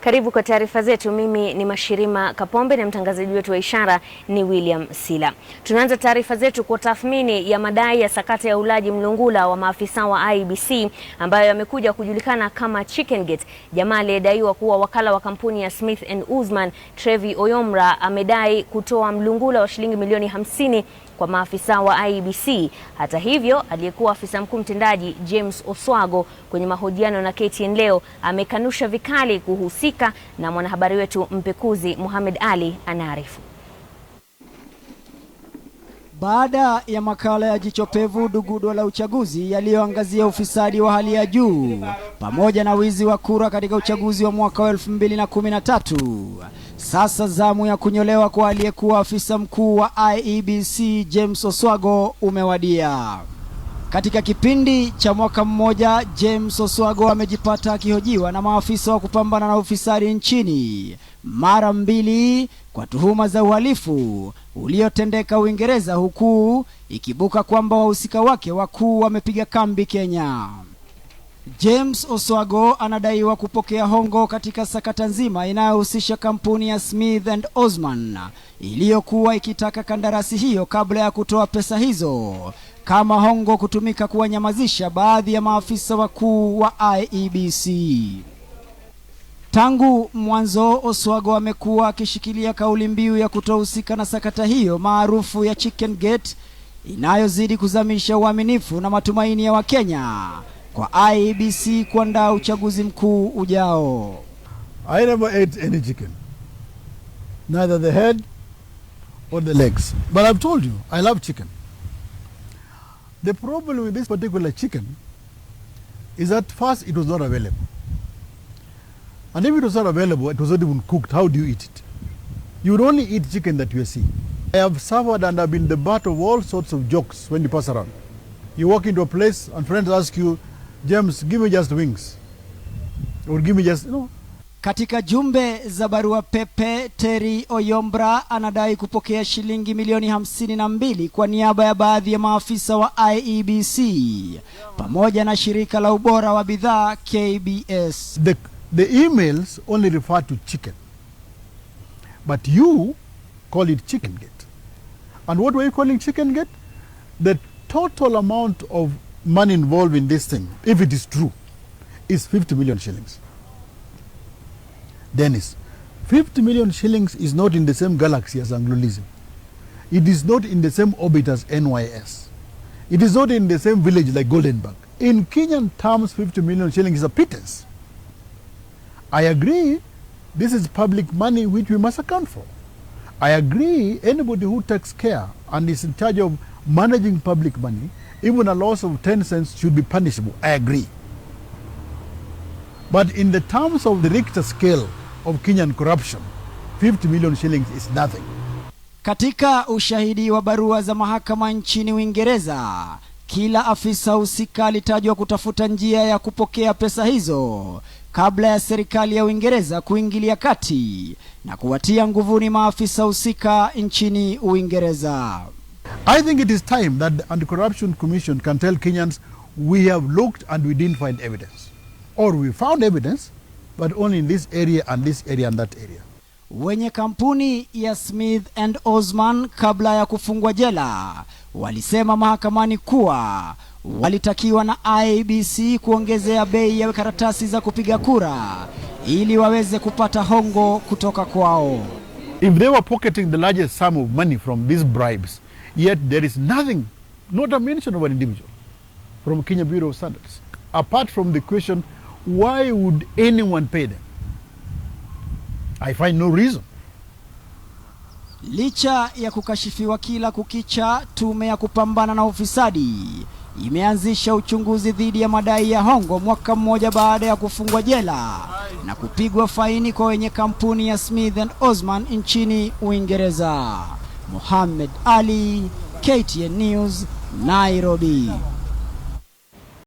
Karibu kwa taarifa zetu. Mimi ni Mashirima Kapombe na mtangazaji wetu wa ishara ni William Sila. Tunaanza taarifa zetu kwa tathmini ya madai ya sakata ya ulaji mlungula wa maafisa wa IEBC ambayo yamekuja kujulikana kama Chicken Gate. Jamaa aliyedaiwa kuwa wakala wa kampuni ya Smith and Ouzman Trevi Oyomra amedai kutoa mlungula wa shilingi milioni hamsini kwa maafisa wa IEBC. Hata hivyo, aliyekuwa afisa mkuu mtendaji James Oswago kwenye mahojiano na KTN leo amekanusha vikali kuhusika, na mwanahabari wetu mpekuzi Mohamed Ali anaarifu. Baada ya makala ya Jicho Pevu, dugudo la uchaguzi yaliyoangazia ufisadi wa hali ya juu pamoja na wizi wa kura katika uchaguzi wa mwaka wa tatu, sasa zamu ya kunyolewa kwa aliyekuwa afisa mkuu wa IEBC James Oswago umewadia. Katika kipindi cha mwaka mmoja, James Oswago amejipata akihojiwa na maafisa wa kupambana na ufisadi nchini mara mbili kwa tuhuma za uhalifu uliotendeka Uingereza, huku ikibuka kwamba wahusika wake wakuu wamepiga kambi Kenya. James Oswago anadaiwa kupokea hongo katika sakata nzima inayohusisha kampuni ya Smith and Osman iliyokuwa ikitaka kandarasi hiyo kabla ya kutoa pesa hizo kama hongo kutumika kuwanyamazisha baadhi ya maafisa wakuu wa IEBC. Tangu mwanzo Oswago amekuwa akishikilia kauli mbiu ya kutohusika na sakata hiyo maarufu ya Chicken Gate inayozidi kuzamisha uaminifu na matumaini ya Wakenya kwa IEBC kuandaa uchaguzi mkuu ujao. I never ate any chicken. Neither the head or the legs. But I've told you, I love chicken. The problem with this particular chicken is that first it was not available. And if it was not available, it was not even cooked, how do you eat it? You would only eat chicken that you see. I have suffered and I've been the butt of all sorts of jokes when you pass around. You walk into a place and friends ask you, James, give me just wings. Or give me just, you know. Katika jumbe za barua pepe, Terry Oyombra anadai kupokea shilingi milioni hamsini na mbili kwa niaba ya baadhi ya maafisa wa IEBC pamoja na shirika la ubora wa bidhaa KBS. The The emails only refer to chicken, but you call it chicken gate. And what were you calling chicken gate? The total amount of money involved in this thing, if it is true, is 50 million shillings. Dennis, 50 million shillings is not in the same galaxy as Anglolism. It is not in the same orbit as NYS. It is not in the same village like Goldenberg. In Kenyan terms, 50 million shillings is a pittance. I agree this is public money which we must account for. I agree anybody who takes care and is in charge of managing public money, even a loss of 10 cents should be punishable. I agree. But in the terms of the Richter scale of Kenyan corruption, 50 million shillings is nothing. Katika ushahidi wa barua za mahakama nchini Uingereza, kila afisa husika alitajwa kutafuta njia ya kupokea pesa hizo kabla ya serikali ya Uingereza kuingilia kati na kuwatia nguvuni maafisa husika nchini Uingereza. I think it is time that the Anti-Corruption Commission can tell Kenyans we have looked and we didn't find evidence or we found evidence but only in this area and this area and that area wenye kampuni ya Smith and Osman kabla ya kufungwa jela walisema mahakamani kuwa walitakiwa na IBC kuongezea bei ya karatasi za kupiga kura ili waweze kupata hongo kutoka kwao. If they were pocketing the largest sum of money from these bribes, yet there is nothing, not a mention of an individual from Kenya Bureau of Standards apart from the question why would anyone pay them? I find no reason. Licha ya kukashifiwa kila kukicha, tume ya kupambana na ufisadi imeanzisha uchunguzi dhidi ya madai ya hongo mwaka mmoja baada ya kufungwa jela na kupigwa faini kwa wenye kampuni ya Smith and Osman nchini Uingereza. Mohamed Ali, KTN News, Nairobi.